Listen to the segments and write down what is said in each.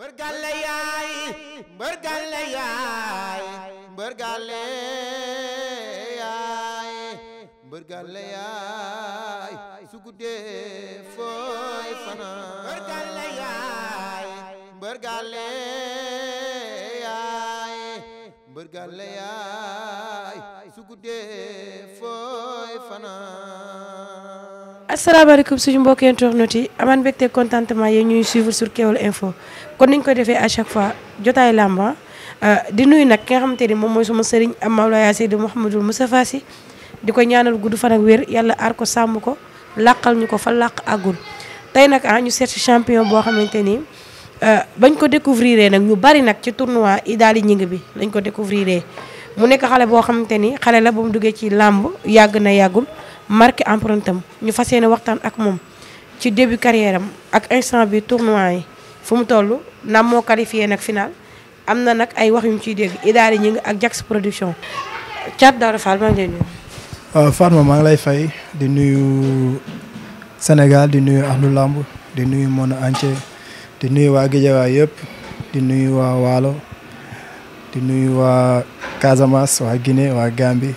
mbër gàlle yaay mbër gàlle fanaan mbër gàlle yaay asalaamaaleykum suñu mbokki internet yi amaan mbégte contentement yi ñuy suivre sur Kewel Info kon ni ñu koy defee à chaque fois jotaay làmba ah, di nuyu nag ki nga xamante ni moom mooy suma sëriñ am Mawlaaya Seydi mu Moustapha si di ko ñaanal gudd fan ak wér yàlla aar ko sàmm ko làqal ñu ko fa làq àggul tey nag ah ñu seet champion boo xamante ni ah, bañ ko découvrir nag ñu bari nag ci tournoi yi daal di ñing bi lañ ko découvrir mu nekk xale boo xamante ni xale la ba mu duggee ci làmb yàgg na yàggul marqué empreinte ñu fas yéene waxtaan ak moom ci début carrière am ak instant bi tournoi yi fu mu toll naam moo qualifié nag final am na nag ay wax yu ñu ciy dégg i ñi ngi ak Jax production Thiat Daouda Fall maa ngi lay nuyu. waaw euh, Fatma maa ngi lay fay di nuyu Sénégal di nuyu ahlu lamb di nuyu monde entier di nuyu waa Guédiawaye yëpp di nuyu waa Waalo di nuyu waa Casamance waa Guinée waa Gambie.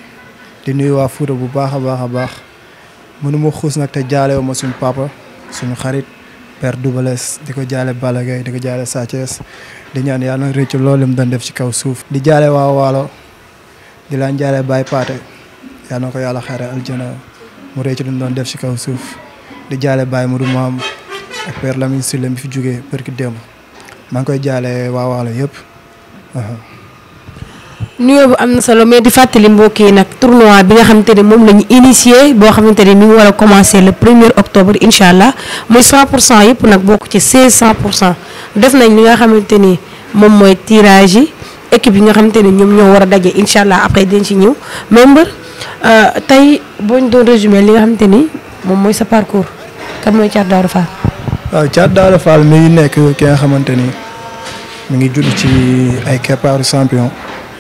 di nuyu waa Fuuta bu baax a baax a baax mënuma xuus nag te jaalewu ma suñu papa suñu xarit père Doubalès di ko jaale Balla Gaye di ko jaale Sa Thiès di ñaan yàlla na rëcc loolu mu doon def ci kaw suuf. di jaale waa Waalo di laan jaale Baye Paate yàlla ko yàlla xare mu rëcc lu mu doon def ci kaw suuf di jaale Baye Modou Maam ak père Lamine fi jógee barki démb maa ngi koy jaale waa Waalo yëpp. nuyoo bu am na solo mais di fàttali mbokk yi nag tournoi bi nga xamante ne moom la ñu boo xamante ne mi ngi war a commencer le premier octobre incha allah muy 100 pour cent yëpp nag bokk ci 16 100 pour cent def nañ li nga xamante ni moom mooy tirage yi équipe yi nga xamante ne ñoom ñoo war a daje incha allah après dañ ci ñëw membre euh, tey boo doon résumé li nga xamante ni moom mooy sa parcours kan mooy Thiat Daouda Fall. waaw Thiat Daouda Fall nekk ki nga xamante ni mu ngi judd ci ay keppaaru champion.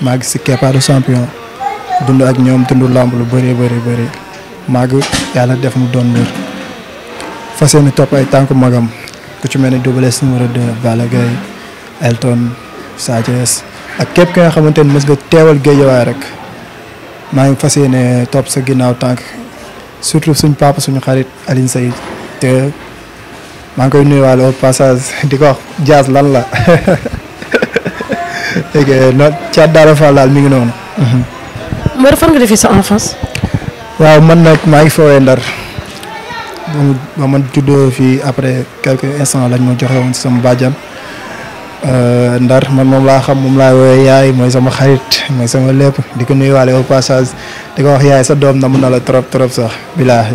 màgg si keppaaru champion dund ak ñoom dund làmb lu bëree bëri bëri màgg yàlla def mu doon mbër fas yéene topp ay tànku magam ku ci mel ni Double Less numéro 2 Balla Gaye Elton Sa ak képp ki nga xamante ni mës nga teewal Guédiawaye rek maa ngi fas yéene topp sa ginnaaw tànk surtout suñ papa suñu xarit Alioune Seye te maa ngi koy nuyuwaale au passage di ko wax Diaz lan la. dégg nga a Daara Fall daal mi ngi noonu. Mbër fan nga defee sa enfance. waaw man nag maa ngi foowee Ndar ba man juddoo fii après quelques instants lañ ma joxe woon si sama bàjjan euh, Ndar man moom laa xam moom laa woowee yaay mooy sama xarit mooy sama lépp di ko nuyuwaale au passage di ko wax yaay sa doom na mun na la trop trop sax bilaahi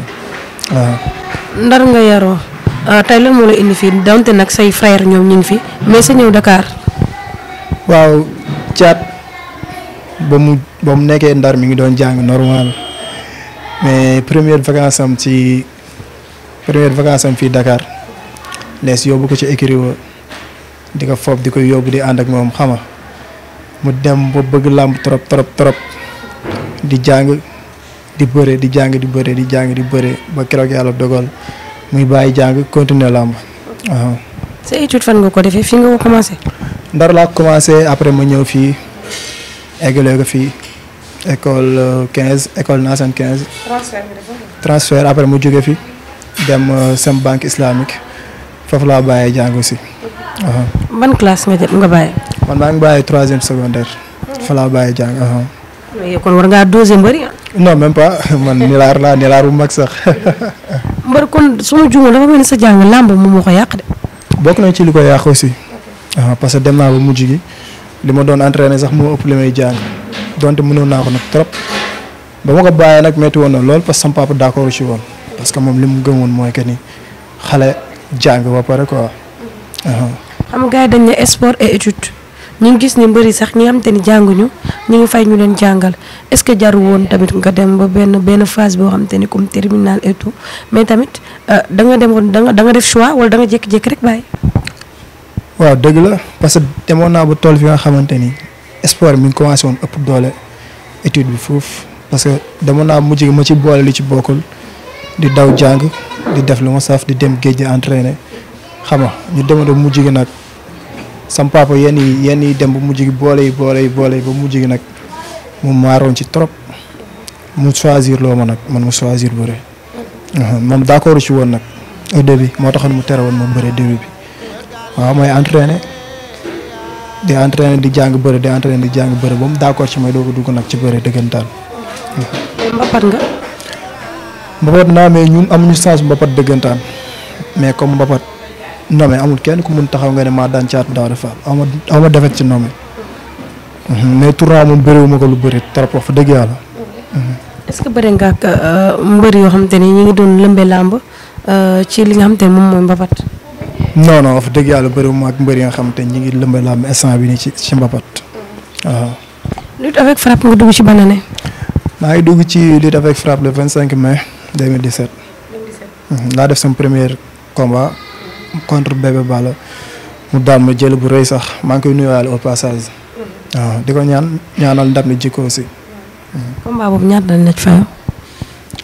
Ndar nga yaroo euh, tey lan moo la indi fii donte nag say frère ñoom ñu fi mais sa ñëw Dakar. waaw caat ba mu ba mu nekkee ndar mi ngi doon jàng normal mais première vacance am ci première vacance am fii Dakar lees yobbu ko ci écurie di ko foofu di ko yóbbu di ànd ak moom xama mu dem ba bëgg làmb trop trop trop di jàng di bëre di jàng di bëre di jàng di bëre ba keroog yàlla dogal muy bàyyi jàng continuer làmb waaw. sa étude fan nga ko defee fi nga ko commencé. ndar laa commencé après mu ñëw fii eggale ko fii école euh, quinze école Nassane 15. transfert transfert après mu jóge fi dem euh, sem banque islamique foofu laa bàyyee jàng aussi. ban classe nga jël nga bàyyi. man maa ngi bàyyi troisième secondaire. fa laa bàyyi jàng. mais kon war ngaa deuxième bëri ah? non même pas man nilaar laa nilaar bu mag sax. mbar kon su ma juumee dafa mel sa jàng làmb moom moo ko yàq de. bokk nañ ci lu ko yàq aussi. Ah, parce que dem naa ba mujj gi li ma doon entraîné sax moo ëpp li may jàng donte mënoon naa ko nag trop ba ma ko bàyyee nag métti woon na lool parce que sama papa d'accord ci woon parce que moom li mu gëm woon mooy que ni xale jàng ba pare quoi. Ah. xam nga gars yi dañ ne sport et étude ñu gis ne mbëri sax ñi nga xamante ni jàng ñu ngi fay ñu leen jàngal est-ce que jaru woon tamit nga dem ba benn benn phase boo xamante ni comme terminal et tout mais tamit euh, da nga dem woon da da nga def choix wala da nga rek bàyyi. waaw dëgg la parce que demoon naa ba tool fi nga xamante ni sport mi ngi commencé woon ëpp doole étude bi foofu parce que demoon naa mujj gi ma ci boole lu ci bokkul di daw jàng di def lu ma saf di dem géej di entraîner xam nga ñu demoon ba mujj gi nag sam papa yenn yi yenn yi dem ba mujj gi boole yi boole yi boole yi ba mujj gi nag mu maaroon ci trop mu choisir loo ma nag man mu choisir bëre moom d'accord ci woon nag au début moo tax mu tere woon ma bëre début bi. waaw mooy entraîner di entraîner di jàng bëre di di jàng bëre ba mu d'accord ci may doo ko dugg nag ci bëre dëggantaan. mais mbapat nga. mbapat naa mais ñun amuñu chance mbapat dëggantaan mais comme mbapat nommé amul kenn ku mun taxaw nga ne maa daan caatu daaw dafa am aw ma defet ci nommé mhm, mais tournoi moom bëriwuma ko lu bëri trop wax dëgg yàlla. Mhm. est-ce nga ak euh, yoo xamante ni ñu ngi doon lëmbe làmb euh, ci li nga xamante moom mooy mbapat. non non wax dëgg yàlla bëriwuma ak mbëri nga xam te ñi ngi lëmba làmb instant bi nii ci ci mbapat mm. waaw. lutte avec frappe nga dugg ci ban année. maa ngi dugg ci lutte avec frappe le 25 mhm, laa def sama premier combat contre Bébé Balla mu daan ma jël bu rëy sax maa ngi koy nuyuwaale au passage. Mm. waaw di ko ñaan ñaanal ndam li jikko aussi. Mm.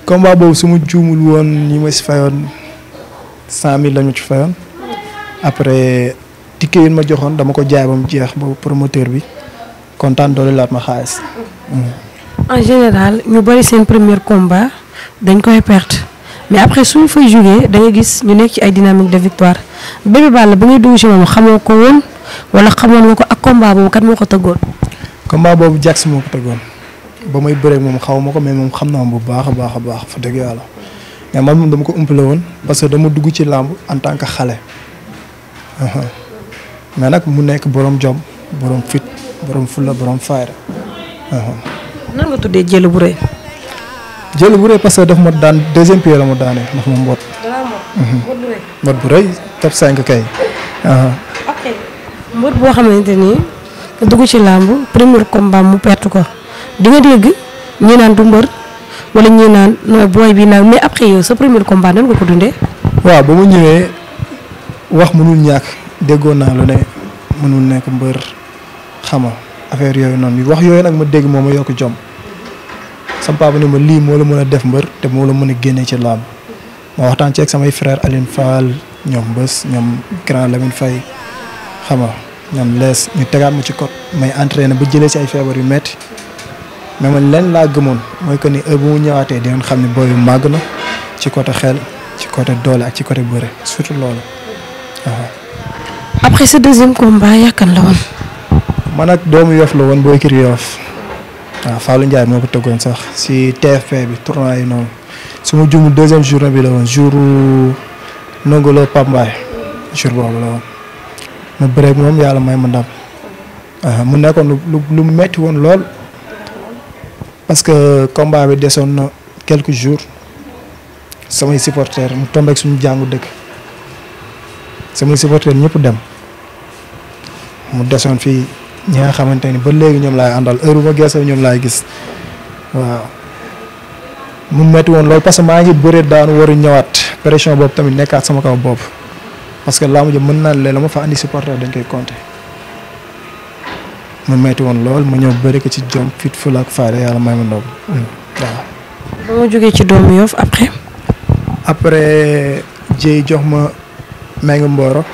combat boobu su ma juumul woon ñi ma si fayoon cent mille la ci fayoon. après ticket yi ma joxoon dama ko jaay ba mu jeex ba promoteur bi kontaan doole laat ma xaalis. en général ñu bari seen première combat dañ koy perte mais après suñu fay jógee da nga gis ñu nekk ci ay dynamique de victoire Bébé Balla ba ngay dugg ci moom xamoo ko woon wala xamoon nga ko ak combat boobu kat moo ko tëggoon. combat boobu Jax moo ko tëggoon ba may bëreeg moom xaw ma ko mais moom xam naa bu baax a baax a baax fa dëgg yàlla mais man moom dama ko umpale woon parce que dama dugg ci làmb en tant que xale. Uh-huh. mais nag mu nekk boroom jom borom fit borom fulla borom fayda. Uh-huh. nan nga tuddee jël bu rëy. jël bu rëy parce que daf ma daan deuxième pied la ma daanee daf ma mboot. mboot uh-huh. bu rëy top 5 kay. mboot boo xamante ni dugg ci làmb premier combat mu perte ko di nga dégg ñi naan du mbër wala ñi naan booy bi naan mais après yow sa premier combat nan nga ko dundee. waaw ba mu ñëwee. wax mënul ñàkk déggoon naa lu ne mënul nekk mbër xama affaire yooyu noonu wax yooyu nag ma dégg moom ma yokk jom sama papa ne ma lii moo la mën a def mbër te moo la mën a génne ci làmb ma waxtaan ci ak samay frère Aline Fall ñoom Bés ñoom grand Lamine Faye xama ñoom lees ñu tegaat ma ci kot may entraîné ba jëlee ci feebar yu metti mais man lenn laa gëmoon mooy que ni heure bu mu ñëwaatee dinañ xam ne booy yu màgg na ci côté xel ci côté doole ak ci côté bëre surtout loolu. après sa deuxième combat yàkkan la woon. man ak doomu Yoff la woon boo kii Yoff waaw Fallou Ndiaye moo ko tëggoon sax si TFP bi tournoi yi noonu su ma jumul deuxième journée bi la woon jour nangu la Pambaay jour boobu la woon ma bëreeg yàlla may ma ndam mu nekkoon lu lu metti lool parce que combat desoon na quelques jours samay supporters mu tombé ak suñu jàngu dëkk. samay supporters ñëpp dem mu desoon fii ñi nga xamante ni ba léegi ñoom laay àndal heure ba geesoo ñoom laay gis waaw mu metti woon loolu parce que maa ngi bëre daanu waru ñëwaat pression boobu tamit nekkaat sama kaw boobu parce que laa mujj mën naa leen la ma fa andi supporter dañ koy compter mu metti woon lool mu ñëw bëri ko ci jom fit fula ak faayda yàlla may ma ndoom mm, waaw. ba ma jógee ci doomu Yoff après. jox ma. maa ngi Mboro.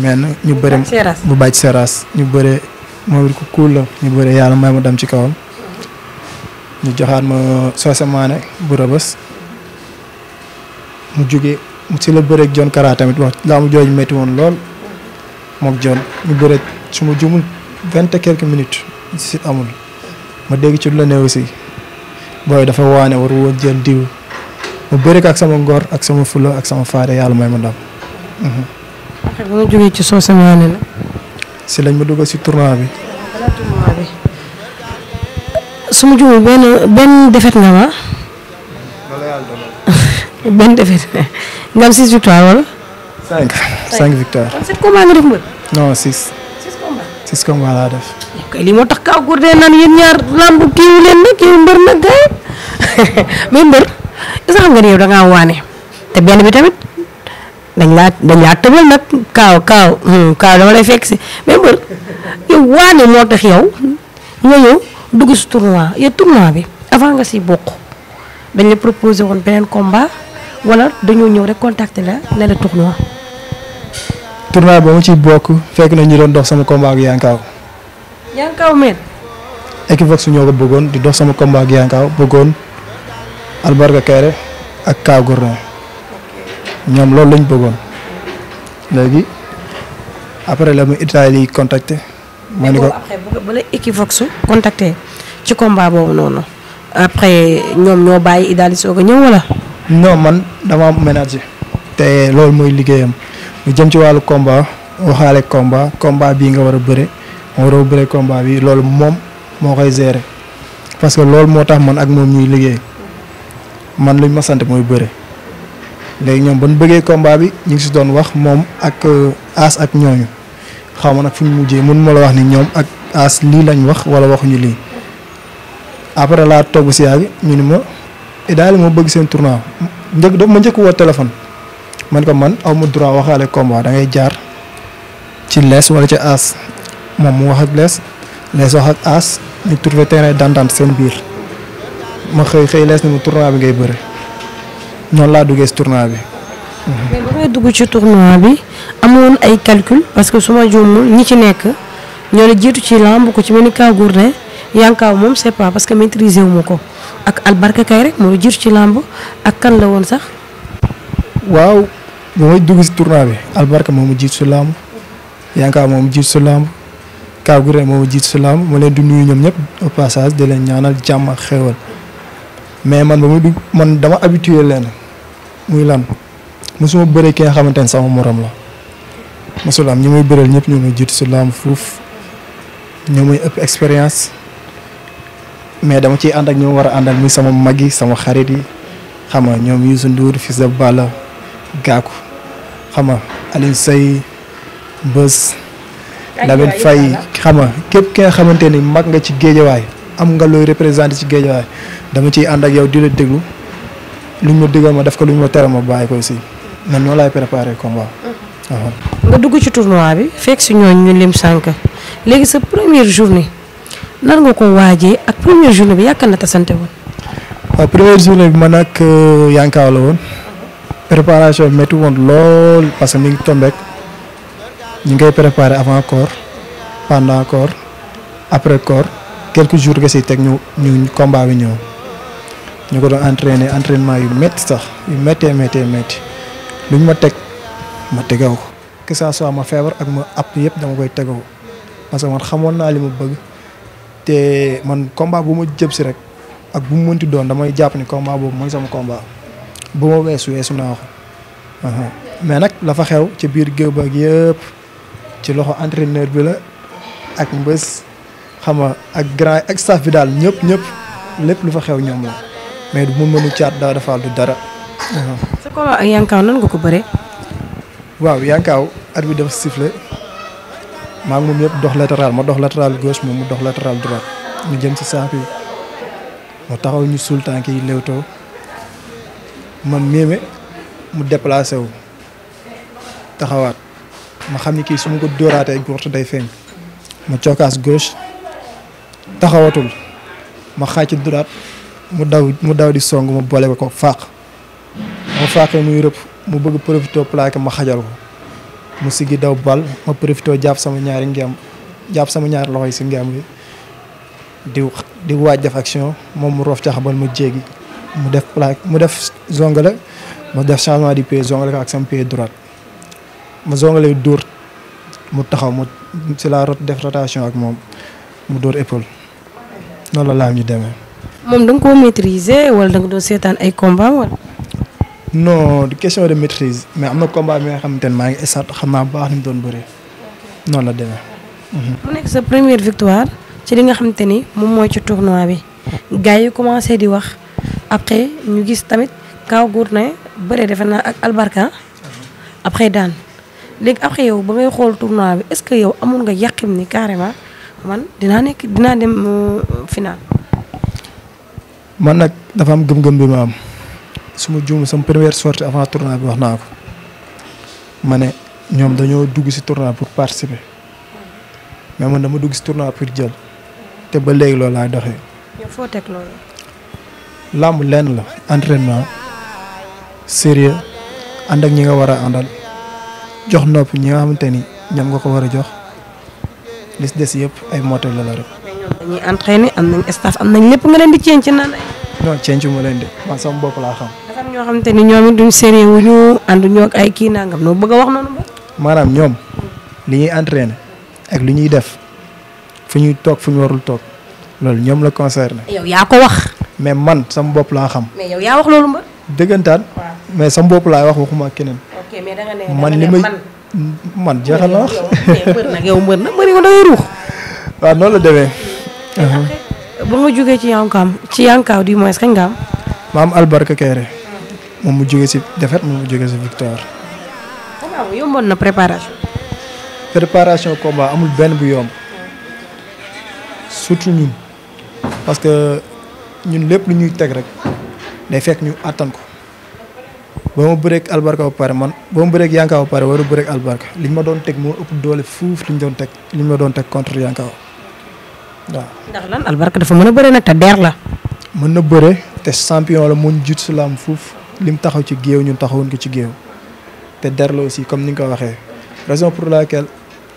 men ñu bëre bu bàcc seras ñu bëre moo it ku kuul la ñu bëre yàlla may ma dem ci kawam ñu joxaat ma soose maane bu rëbës mu jóge si la bëreeg John Kara tamit wax laa mu jooju métti woon lool mook John ñu bëre su ma jumul vingt et quelques minutes si amul ma dégg ci lu la ne aussi booy dafa waane waru woon jël diw ma bëreeg ak sama ngoor ak sama fula ak sama faade yàlla may ma ndam après bu nga jógee ci soo sama si lañ ma dugg si tournoi bi. tournoi benn defet nga ma. benn defet nga am six victoire wala. cinq cinq victoire. nga def mbër. non six. six combat six laa def. kay lii moo tax kaw góor dee naan yéen ñaar làmb kii wu leen nag yow mbër nag gars mais xam nga ni yow da ngaa waane te bi tamit. dañ laa dañ laa tëbal nag kaaw kaaw hmm, kaaw dama lay fekk si mais mbër yow waane moo tax yow nga ñëw dugg si tournoi yow tournoi bi avant nga si bokk dañ la proposé woon beneen combat wala dañoo ñëw rek contacter la ne la tournoi. tournoi ba ma ciy bokk fekk na ñu doon dox sama combat ak Yankaaw. Yankaaw meen. Equivox ñoo ko bëggoon di dox sama combat ak Yankaaw bëggoon Albarka Kayre ak Kaaw Gourdin. ñoom loolu lañ bëggoon léegi après la mu Italie contacté. ma ni ko après bu la ci combat boobu noonu après ñoom ñoo bàyyi Idda soog a ñëw wala. non man dama am ménager te loolu mooy liggéeyam mu jëm ci wàllu combat waxaale combat combat bii nga war a bëre ma war a bëre combat bi loolu moom moo koy gérer parce que loolu moo tax man ak moom ñuy liggéey man luñ ma sant mooy bëre. léegi ñoom ban bëggee combat bi ñu ngi si doon wax moom ak aas euh, ak ñooñu xaw ma nag fu mu mujjee mun ma la wax ni ñoom ak aas lii lañ wax wala waxuñu lii après laa togg si yàgg ñu ni ma eh, daal moo bëgg seen tournoi njëkk da ma njëkk woo téléphone man ko man aw ma droit waxaale combat dangay jaar ci lees wala ci aas moom mu wax ak lees lees wax ak aas ñu trouvé terrain d'entente seen biir ma xëy xëy lees ni mu tournoi bi ngay bëre noonu laa duggee si tournoi bi. mais ba dugg ci tournoi bi amoon ay calcule parce que su ma juumul ñi ci nekk ñoo la jiitu ci lamb ko ci mel ni Kaw Gourdin Yankaaw moom parce que maîtriser wu ma ko ak albarka kay rek moo la ci lamb ak kan sax. waaw ba may dugg tournoi bi albarka moomu jiitu si lamb Yankaaw moomu jiitu si lamb Kaw Gourdin moomu jiitu si lamb ma leen di nuyu ñoom ñëpp au passage di leen ñaanal jàmm ak xéewal. mais man ba muy dugg man dama habitué leen muy lan mosuma bëree ki nga xamante ne sama morom la mosul am ñi muy bëreel ñëpp ñoo may jiitu su laam fuuf ñoo may ëpp expérience mais dama ciy ànd ak ñoom war a àndal muy sama mag yi sama xarit yi xam na ñoom Youssou Ndour Fils de Balla Gakou xam nga Alioune Seye Bës Lamine fay xam nga képp ki nga xamante ni mag nga ci géejawaay am nga looy représenté ci géejawaay dama ciy ànd ak yow di la déglu luñ ma digal ma def ko luñ ma tere ma bàyyi ko aussi ma noonu laay préparé combat. Mm-hmm. Ah, nga dugg ci tournoi bi fekk si ñooñu ñu lim sànq léegi sa première journée nan nga ko waajee ak première journée bi yaakaar na tasante woon. waaw ah, première journée bi man ak euh, yankaaw la woon préparation métti woon lool parce que mi ngi tombé ñu ngi koy préparé avant corps pendant après corps. quelques jours si teg ñu ñu combat bi ñëw ñu ko doon entraîner entraînement yu métti sax yu méttee méttee luñ ma teg ma tegaw ko que ça soit ma feebar ak ma app yëpp dama koy tegaw parce que man xamoon naa li ma bëgg te man combat bu ma jëm si rek ak bu mu mënti doon damay jàpp ni combat boobu mooy sama komba bu ma weesu weesu naa ko mais nag la fa xew ci biir géew ba ci loxo entraîneur bi la ak mbës xam ak grand ak staff daal ñëpp ñëpp lépp lu fa xew ñoom la mais du mu mënu caat daa dafa du dara. sa ko ak Yankaaw nan nga ko bëree. waaw Yankaaw at bi dafa sifflé maa moom yëpp dox latéral ma dox latéral gauche moom mu dox latéral droite ñu jëm si saako yi mu taxaw ñu suul tànk yi léwtoo man mu déplacé wu taxawaat ma xam ni kii su ma ko dóoraatee góor day feeñ ma cookaas gauche. taxawatul ma xaaci duraat mu daw mu daw di song ma boole ko ko faaq ma faaqee muy mu bëgg profité plaqué ma xajal ko mu sigi daw bal ma profité jàpp sama ñaari ngem jàpp sama ñaari loxo yi si ngemb bi di di waaj def action moom mu roof caxabal ma jéggi mu def plaque mu def zongale mu def changement du pied zongale ko ak sama pied droite ma zongale dóor mu taxaw mu si la def rotation ak moom mu dóor épaule noonu la laam ñu demee. moom da koo maîtriser wala da nga doon seetaan ay combat wala. non du question de maîtrise mais am na combat bi xamante ne maa ngi instant xam naa baax ni mu doon bëree la demee. mu mhm. nekk sa première victoire ci li nga xamante ni moom mooy ci tournoi bi gars yi commencé di wax après ñu gis tamit kaw guur na bëre defe naa ak albarka après daan léegi après yow ba ngay xool tournoi bi est-ce que yow amoon nga yàqim ni carrément. man dinaa nekk dinaa dem euh, final. man nag dafa am gëm-gëm bi ma am su ma juum sama première sortie avant tournoi bi wax naa ko ma ne ñoom dañoo dugg si tournoi pour participer mais man dama dugg si tournoi pour jël te ba léegi loolu laay doxee. foo teg loolu. làmb lenn la entraînement sérieux ànd ak ñi nga war a àndal jox nopp ñi nga xamante ni ñoom nga ko war a jox. li des yëpp ay moto la la rek. dañuy entraîné am nañ staff am nañ lépp nga leen di ceeñ ci naan ay. non ceeñ bopp laa xam. ñoo xamante ni ñoom it duñ sérieux wuñu ànduñoo ak ay kii nangam noo a wax noonu maanaam ñoom li ñuy entraîné ak lu ñuy def fu ñuy toog fu ñu warul toog loolu ñoom la concerné. yow yaa ko wax. mais man sama bopp la xam. mais yow yaa wax loolu ba. dëggantaan. mais sama bopp laay wax waxuma ak keneen. man li may man jeexal na wax. mbër nag yow mbër la demee. ba nga jógee ci yankaaw ci yankaaw di moins kañ nga am. maam Albarka Kéré moom mu jógee si défaite moom mu jógee si victoire. waaw na préparation. préparation combat amul benn bu yomb surtout ñun parce que ñun lépp lu ñuy teg rek day fekk ñu àttan ko. ba ma bëreeg albarka ba pare man ba ma bëreeg yankaaw ba pare waru bëreeg albarka liñ ma doon teg moo ëpp doole fuuf liñ doon teg liñ ma doon teg contre yankaaw waaw. ndax dafa mën a bëre nag te der la. mën na bëre te champion la mu jiit su laam fuuf lim taxaw ci géew ñun taxawuñ ko ci géew te der la aussi comme ni nga ko waxee raison pour laquelle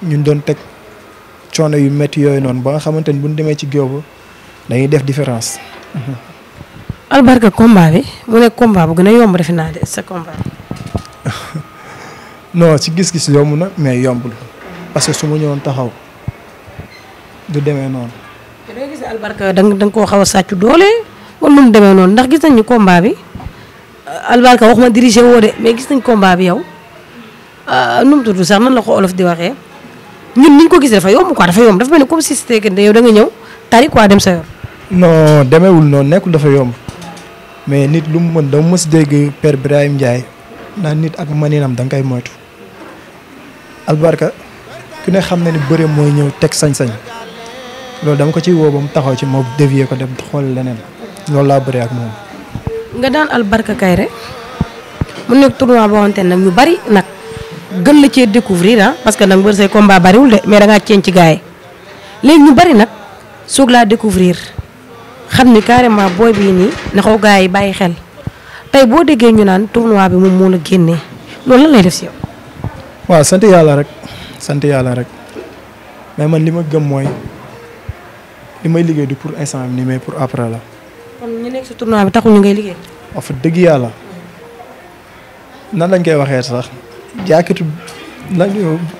ñun doon teg coono yu métti yooyu noonu ba nga xamante ni bu ñu demee ci géew ba dañuy def différence. albarka combat bi mu nekk combat bu gën a yomb defe naa de sa combat. non ci gis-gis yomb na mais yombul parce que su ma ñëwoon taxaw du demee noonu. te da nga gis ne albarka da nga koo xaw a sàcc doole wala demee noonu ndax gis nañu combat bi euh, albarka waxuma dirigé woo de mais gis nañ combat bi yow euh, nu mu tudd sax nan la ko olof di waxee ñun ni ñu ko gisee dafa yomb quoi dafa yomb dafa mel ni comme si c'était que yow da nga ñëw tari quoi dem sa yoon. non demeewul noonu nekkul dafa yomb. mais nit lu mu mën dama mës dégg père Birahim Ndiaye naan nit ak maninam da nga koy moytu albarka ki ne xam na ni bëre mooy ñëw teg sañ-sañ loolu dama ko ciy woo ba mu taxaw ci ma dévier ko dem xool leneen loolu laa bëree ak moom. nga daan albarka Kairé mu nekk tournoi boo xamante ne nag ñu bari nag gën la cee découvrir ah parce que nag mbër say combat bariwul de mais da ngaa ci gars yi léegi ñu bari nag soog laa découvrir. xam ni carrément booy bii nii na ko gars yi bàyyi xel tey boo déggee ñu naan tournoi bi moom moo la génnee loolu la lay def si yow. waaw sant yàlla rek sant yàlla rek mais man li ma gëm mooy li may liggéey du pour instant bi nii mais pour après la. kon ñu bi taxul ngay liggéey. waaw fa dëgg yàlla nan lañ koy waxee sax jaakatu lan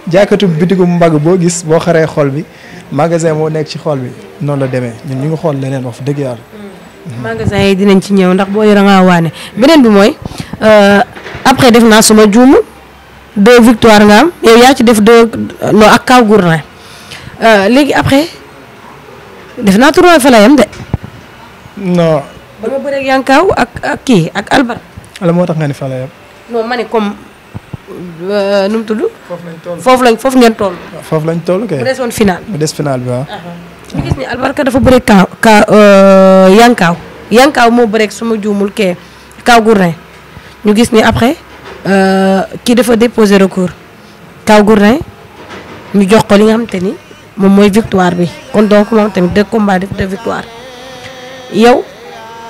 jaakatu bitigu mbagg boo gis boo xaree xol bi. magasin moo nekk ci xool bi noonu la demee ñun ñu ngi xool leneen wax dëgg yàlla. Mm. magasin yi dinañ ci ñëw ndax boo yore ngaa waane beneen bi mooy euh, après def naa suma juum deux victoire nga am yaa ci def deux non ak kaw gourna euh, léegi après def naa trois fa la yem de. non. ba ma bëreeg yankaaw ak ak kii ak albar. la moo tax nga ni fa la yem. comme. Euh, nu mu tudd. foofu lañ toll foofu lañ foofu ngeen toll. foofu lañ toll kay. mu desoon final mu des final bi waaw. Ah, ah. ñu gis ni albarka dafa bëri kaa kaa euh, yankaaw yankaaw moo bëri ak sama juumul kee kaw Gourdin ñu gis ni après euh, kii dafa déposé recours kaw Gourdin ñu jox ko li nga xamante ni moom mooy victoire bi kon donc moom tamit de combat de victoire yow.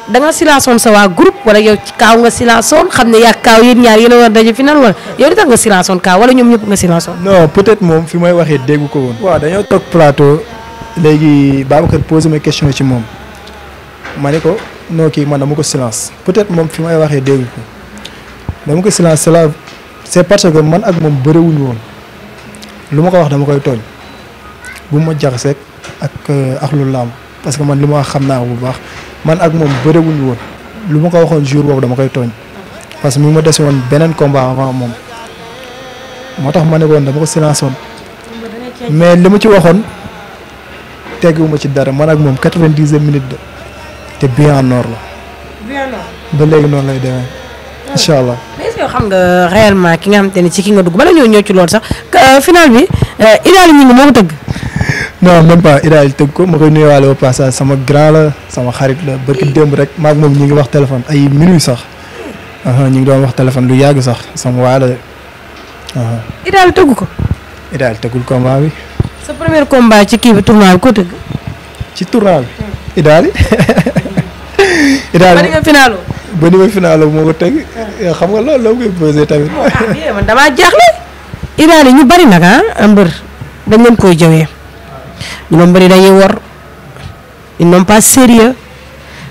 da nga silaasoon sa waa groupe wala yow kaaw nga silaasoon xam ne yaa kaaw yéen ñaar yéen a war a daje final wala yow li tax nga silaasoon kaaw wala ñoom ñëpp nga silaasoon. non peut moom fi may waxee déggu ko woon. waaw dañoo toog plateau léegi Babacar posé ma question ci moom ma ne ko non kii man dama ko silence peut-être moom fi may waxee déggu ko ko silence c'est là parce que man ak moom bëriwuñu woon lu ma ko wax dama koy tooñ bu ma jaxaseeg ak euh, ak lu laam parce que man li ma wax xam naa bu baax. man ak moom bëriwuñu woon lu ma ko waxoon jour boobu dama koy tooñ parce que mi ma dese woon beneen combat avant moom moo tax ma ne woon dama ko silence mais li ma ci waxoon tegguwuma ci dara man ak moom quatre-vingt-dixième de te bien en or la. ba léegi noonu lay demee incha allah. mais xam nga réellement ki nga xamante ci ki nga dugg ma ñoo ñëw ci loolu sax euh, final bi euh, Idaly ñu ngi moo ko non même pas Idaal tëgg ko ma koy nuyuwaale au passage sama grand la sama xarit la barki démb rek maak moom ñu ngi wax téléphone ay minuit sax ñu ngi doon wax téléphone lu yàgg sax sama waa la. Idaal tëgg ko. Idaal tëggul combat bi. sa premier ci kii bi tournoi bi ko tëgg. ci tournoi bi. Idaal. Idaal moo ko tëgg xam nga loolu la koy posé ah, ah, eh, ñu bari nag ah mbër koy jawee. ñoom mbëri dañuy wor ils n'ont pas sérieux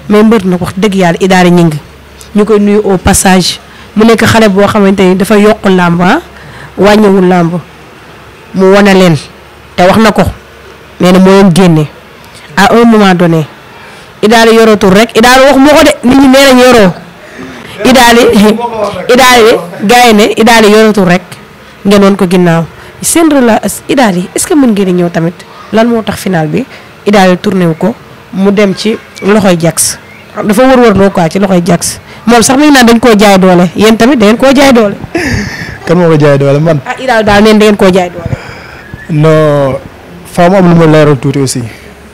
mais mbër nag wax dëgg yàlla idaara ñi ngi ñu ko nuyu au passage mu nekk xale boo xamante ni dafa yokk làmb ah wàññiwul làmb mu wane leen te wax na ko nee na mooyam génne à un moment donné idaali yoratul rek idaali wax moo ko de nit ñi nee yoroo idaali idaali ne idaali yoratul rek ngeen woon ko ginnaaw la idaal yi est-ce que mën ngeen ñëw tamit lan moo tax final bi Idaaly tourné wu ko mu dem ci loxoy Jax dafa wër-wër loo quoi ci loxoy Jax moom sax mi ngi naan dañ koo jaay doole yéen tamit da ngeen koo jaay doole. kan moo ko jaay doole man. ah Idaaly daal neen da ngeen koo jaay doole. non faaw mu am lu ma leeral tuuti aussi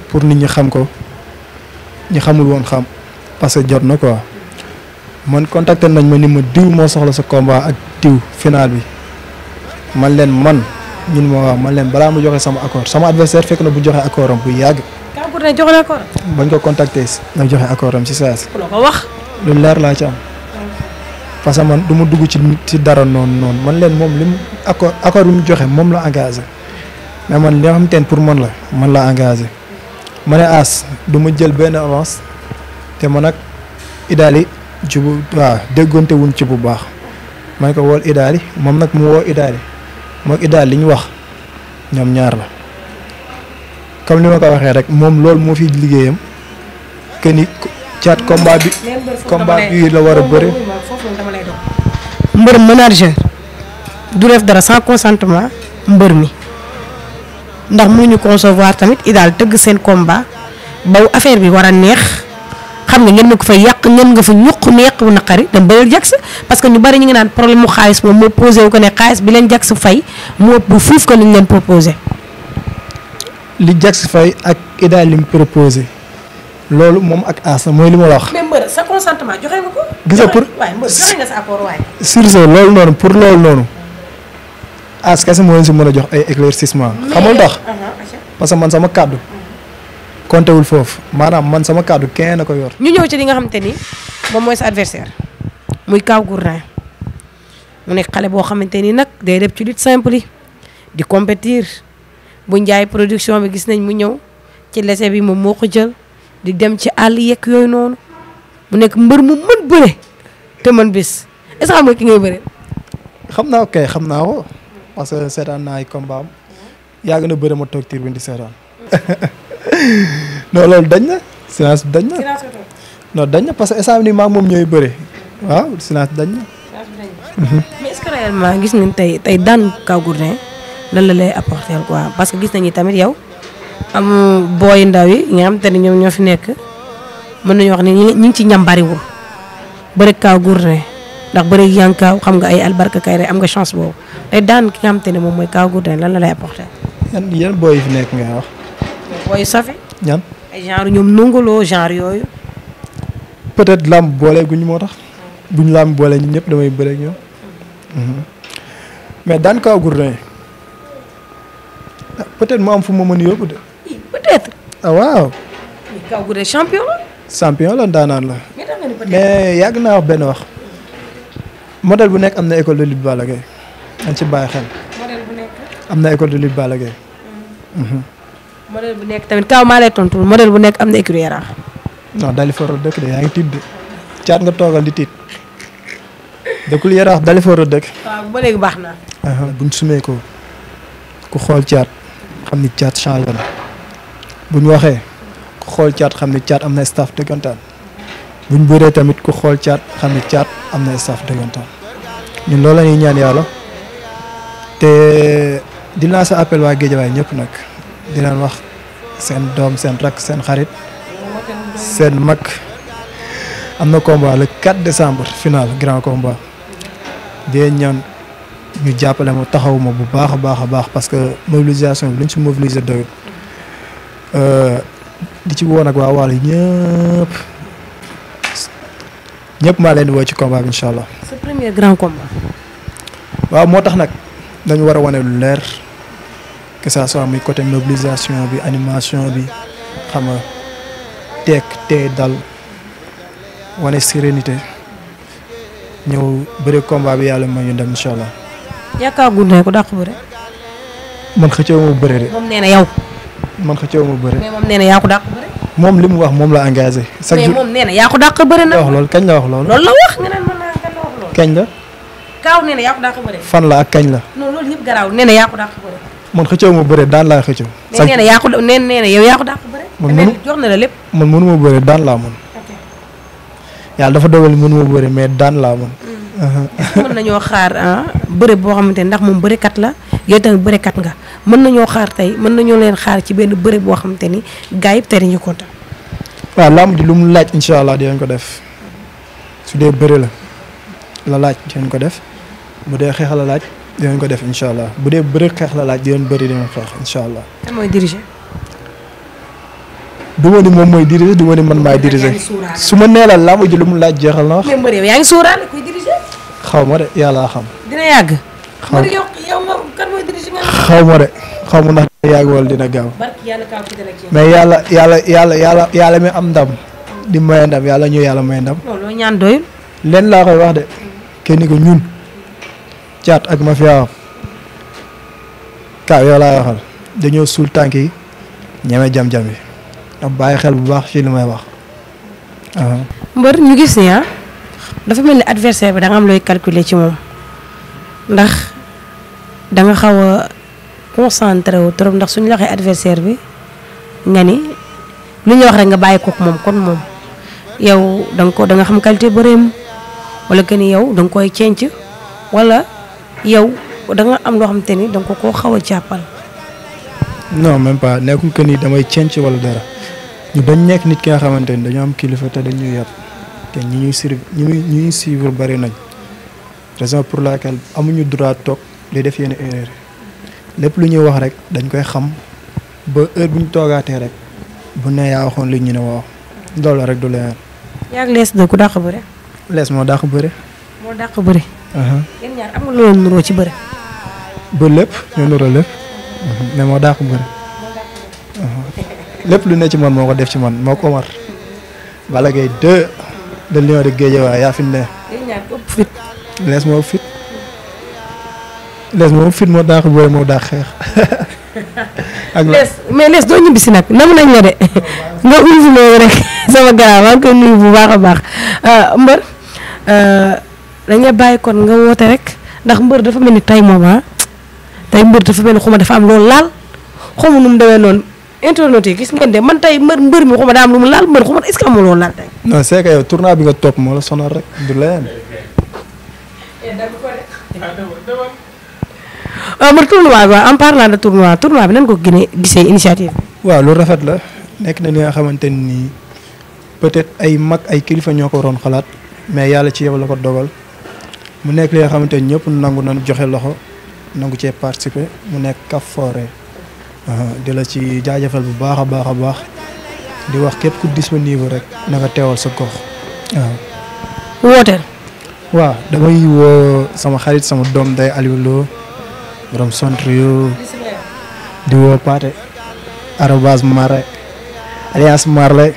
pour nit ñi xam ko ñi xamul woon xam parce que jot na ko man contacté nañ ma ni ma diw moo soxla sa combat ak diw finaal bi man leen man. ñun ma waaw man leen balaa mu joxe sama accord sama adversaire fekk na bu joxe accord am bu yàgg. Kaam Gourdin joxe na bañ ko contacter na joxe accord am si saa si. loo ko wax. laa ci que man du ma dugg ci ci dara noonu noonu man leen moom lim accord accord joxe moom la engagé man li nga xamante pour man la man la engagé ma ne as du jël benn avance te man ak Idaly ci bu waaw déggoonte wuñ ci bu baax ma ne ko wool Idaly moom nag mu woo Idaly. moog idéal li ñu wax ñoom ñaar la comme ni ma ko waxee rek moom loolu moo fi liggéeyam que ni caat combat bi. combat bi la war a bëri. mbër manager du def dara sans consentement mbër mi ndax mënuñu concevoir tamit idéal tëgg seen combat baw affaire bi war a neex. xam nga ngeen na ko fay yàq ngeen nga fa ñuq mu yàq wu naqari dem bayal jax parce que ñu bari ñu ngi naan problème mu xaalis moom moo posé wu ko ne xaalis bi leen jax fay mu ëpp bu fuuf ko ni ñu leen fay ak Ida lim proposé loolu moom ak Asa mooy li ma wax. sa consentement joxe nga pour waay mbër loolu noonu pour loolu noonu Asa kese moo leen si mën a jox ay éclaircissement xamul tax uh-huh, uh-huh. parce que man sama kàddu. compté wul foofu maanaam man sama kàddu kenn na ko yor. ñu ñëw ci li nga xamante ni moom mooy sa adversaire muy Kaw Gourdin mu nekk xale boo xamante ni nag day def ci lutte simple di compétir bu njaay production bi gis nañ mu ñëw ci lese bi moom moo ko jël di dem ci àll yekk yooyu noonu mu nekk mbër mu mën bëre te mën bis est-ce que xam nga bëre. xam naa kay xam naa ko parce que seetaan naa ay combat am yàgg na bëre ma toog tiir bi seetaan. non loolu dañ na silence bi dañ na. silence non dañ que instant bii maa moom ñooy bëre waaw silence dañ na. Mhm. mais gis nañ tey tey daan Kaw Gourdin lan la lay apporter quoi parce que gis nañu tamit yow am booy ndaw yi nga xam te ne ñoom ñoo fi nekk mën nañu wax ni ñu ngi ci ñam bariwul bëre Kaw Gourdin ndax bëre Yankaaw xam nga ay albarka kay rek am nga chance boobu tey daan ki nga xam te moom mooy Kaw Gourdin lan la lay yan booy fi nekk nga wax. booy safi. ñan ay genre ñoom nangaloo genre yooyu. peut-être làmb boole guñ moo tax. buñ làmb boole ñun ñëpp damay bëre ak ñoom. Mhm. mais daan kaw Gourdin peut-être mu am fu ma mën yóbbu de. ah waaw. kaw la. mais yàgg naa wax benn wax. modèle bu nekk am na école de lutte Balla Gaye dañ ci bàyyi xel. am na école de lutte Balla Gaye. Mhm. Mhm. modèle bu nekk tamit kaw maa lay tontu modèle bu nekk am na écurie Yaraax. non a dëkk de yaa ngi tiit de caat nga toogal di tiit dëkkul Yaraax Dalifort dëkk. baax na. buñ sumee ku xool caat xam ni caat changé na buñ waxee ku xool caat xam ni caat am na staf dëggantaan buñ bëree tamit ku xool caat xam ni caat am na staf dëggantaan ñun loolu la ñaan yàlla te di lancer appel waa Guédiawaye ñëpp nag. di leen wax seen doom seen rakk seen xarit seen mag am na combat le 4 décembre final grand combat dee ñaan ñu jàppale ma taxaw ma bu baax a baax a baax parce que mobilisation bi luñ si mobiliser doyut li euh, ci woon ak waa Waalo ñëpp ñëpp maa leen di woo ci combat bi incha allah. sa premier grand combat. waaw moo tax nag dañu war a wane lu leer. que ça soit muy côté mobilisation bi animation bi xam nga tek tey dal wane sérénité ñëw bëri combat bi yàlla mooy ñu dem incha allah. yaakaar ko dàq bëre. man xëccoo ma bëre de. moom nee na yow. man xëccoo ma bëre. mais moom moom li mu wax moom la engagé. chaque jour nee na dàq bëre na. wax loolu kañ la wax loolu. loolu la la fan la ak kañ la. man xëccoo ma bëre daan laa xëccoo. sànq nee na yaa ko nee na yow yaa ko dàq bëre. man mënu lépp. man mënu ma bëre daan laa mën. yàlla dafa dogal mënu ma bëre mais daan laa mën. Mm. nañoo xaar ah, bëre boo xamante ne ndax moom bërekat la yow tamit bërekat nga mën nañoo xaar tey mën nañoo leen xaar ci benn bëre boo xamante ni gars yi tey dañu ko kontaan. waaw làmb lu mu laaj incha allah dinañ ko def su dee bëre la la laaj dinañ ko def bu dee xeex la laaj dinañ ko def incha allah bu dee bëri xeex la laaj dinañ bëri dinañ xeex incha allah. kan ma ni moom mooy diriger du ma ni man maay diriger. su ma nee la laa ma ji lu mu laaj jeexal na wax. mais mbëri xaw ma de yàlla xam. dina yàgg. xaw ma yow dina yàgg wala dina gaaw. mais yàlla yàlla yàlla yàlla yàlla mi am ndam. di may ndam yàlla ñëw yàlla may ndam. loolu laa koy wax de kenn ko ñun caat ak mafia kaa yow laay waxal dañoo suul tànk yi ñeme jam-jam yi am bàyyi xel bu baax ci li may wax. mbër ñu gis ni ah, dafa mel ni adversaire bi da nga am looy calculer ci moom ndax da nga xaw a trop ndax suñu la waxee adversaire bi nga ni lu ñu wax rek nga bàyyi kook moom kon moom yow da ko da nga xam qualité bëreem wala que ni yow da nga koy cenc wala. yow da nga am loo xamante ni da nga ko koo xaw a jàppal. non même pas nekkul que ni damay cenc wala dara ñu bañ nekk nit ki nga xamante ni dañoo am kilifa te dañuy yàpp te ñi ñuy suivre ñi ñi ñuy suivre bari nañ te raison pour la laquelle amuñu droit toog di def yenn erreur lépp lu ñuy wax rek dañ koy xam ba heure bu ñu toogaatee rek bu ne yaa waxoon li ñu ne waaw loolu rek du leer. lees moo dàq bëre. yéen ñaar am nuroo ci bëri. ba lépp ñu nuroo lépp. mais mhm. moo daaku bëri. lépp lu ne ci man moo ko def ci man moo ko war. Balla Gaye 2 de Lion de Guédiawaye yaa fi ne. fit. lees moo fit. moo daaku bëri moo daak xeex. lees mais lees doo ñibbisi nag nam nañ la de nga uyu fi rek sama garab maa ngi koy bu baax a baax euh, mbër. Euh, dañuy bàyyi kon nga woote rek ndax mbër dafa mel ni tey moom ah tey mbër dafa mel ni xuma dafa am loolu laal xuma nu mu demee noonu internet yi gis ngeen de man tey mbër mbër mi xuma daa am lu mu laal mbër xuma est-ce que laal tey. non yow tournoi bi nga topp moo la sonal rek du leen. waaw eh, euh, man tournoi bi nan ko gënee gisee initiative bi. lu rafet la nekk na li nga xamante ni peut-être ay mag ay kilifa ñoo ko waroon xalaat mais yàlla ci yow la ko dogal. mu nekk li nga xamante ni ñëpp nangu nañ joxe loxo nangu cee participer mu nekk Cap Foret di la ci jaajëfal bu baax a baax a baax di wax képp ku disponible rek na nga teewal sa gox waaw. wooteel. waaw damay woo sama xarit sama doom day Aliou Lo borom centre yo di woo Paate arobase Marley alliance Marley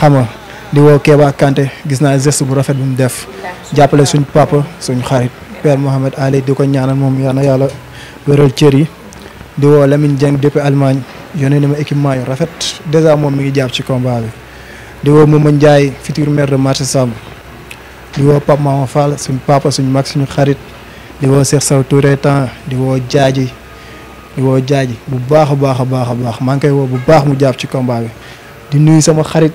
xam nga di woo Kéba Kanté gis naa geste bu rafet bu mu def jàppale suñ papa suñ xarit père Mohamed Ali di ko ñaanal moom yal na yàlla wéral cër yi di woo Lamine Dieng depuis Allemagne yónnee na ma équipement yu rafet dèjà moom mi ngi jàpp ci kombaa bi di woo Mouma Ndiaye futur maire de marché Samb di woo Pape Mama Fall suñ papa suñ mag suñu xarit di woo Cheikh Sow Touré temps di woo jaaji di woo jaaji bu baax a baax a baax a baax maa ngi koy woo bu baax mu jàpp ci combat bi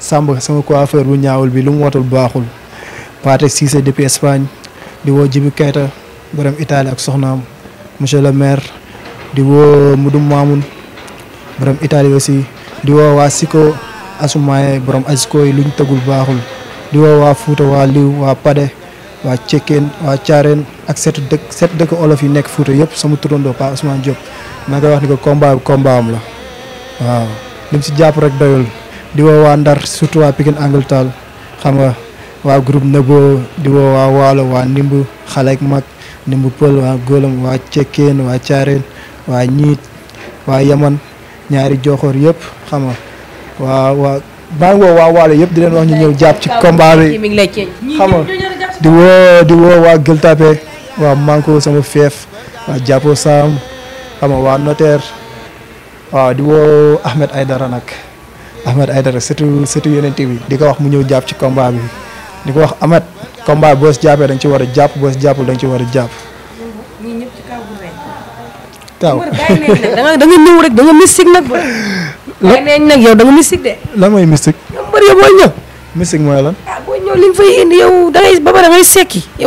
Samba sama coiffeur bu ñaawul bi lu mu watul baaxul Pathé Cissé depuis Espagne di woo Jibi Kayta borom Italie ak soxnaam monsieur le maire di woo Mudu Mamoun borom Italie aussi di woo waa Siko Asumaaye borom Asko yi luñ tëggul baaxul di woo waa Fuuta waa Liw waa Pade waa Cekkeen waa Caareen ak set dëkk set dëkk olof yi nekk Fuuta yëpp sama turandoo Pa Ousmane Diop maa ngi wax ni ko combat la waaw lim si jàpp rek doyul. di woo waa Ndar surtout waa Pikine Angle Tall xam nga waa groupe Nebo di woo waa Waalo waa Ndimbu xale ak mag Pël waa Góolam waa Cekkeen waa Caareen waa Ñiit waa Yaman ñaari joxor yëpp xam nga waa waa maa waa Waalo yëpp di leen wax ñu ñëw jàpp ci combat bi xam nga di woo di woo waa Gueule Tapée waa Manko sama feef waa Jàppo Sam xam waa notaire waaw di woo Ahmed Aydara nag Ahmed Aidara surtout surtout yonent bi di ko wax mu ñëw jàpp ci combat bi di ko wax Ahmed combat boo si jàppee da ci war a jàpp boo si jàppul da nga ci war a jàpp. ñun rek da nga mystique nag. waaye nee nag yow mooy lan. ah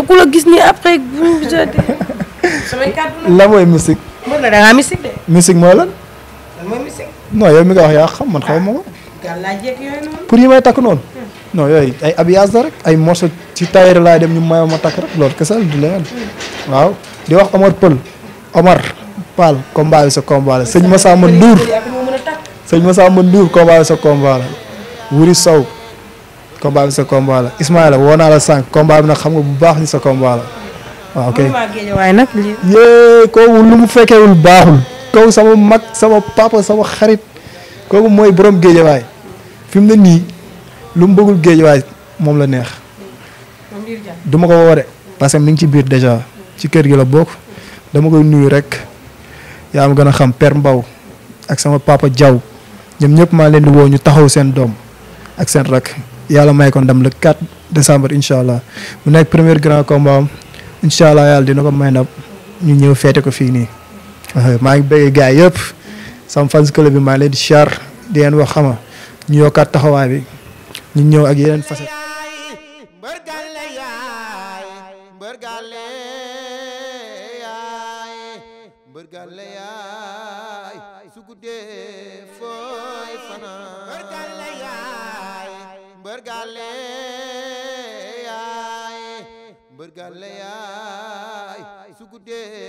booy gis nii après. lan mooy mystique. la da mi nga wax yaa xam man xaw ma ko. gàllaaj yooyu pour yi may takk noonu. Hmm. non yooyu ay habillage rek ay morceau ci tailleur laay dem ñu mayoo ma takk rek loolu kese du hmm. sa combat sëñ Massamba Ndour sëñ Massamba sa combat la Wuri Sow combat bi sa combat bu baax ni sa combat baaxul. kooku sama mag sama papa sama xarit kooku mooy borom géejawaay fi mu ne nii lu mu bëggul géejuwaay moom la neex. duma ko woore parce que mi ngi ci biir déjà ci kër gi la bokk dama koy nuyu rek yaa ma gën a xam per Mbaw ak sama papa Diaw ñoom ñëpp maa leen di woo ñu taxaw seen doom ak seen rak yàlla may ko ndam le 4 décembre incha mu nekk première grand combat am incha allah yàlla dina ko may ndam ñu ñëw feete ko fii nii. maa ngi bëggee gars yëpp sama fans club bi maa leen di char di leen wax xama ñu yokkaat taxawaay bi ñu ñëw ak yeneen facette. mbër gàlle yaay su guddee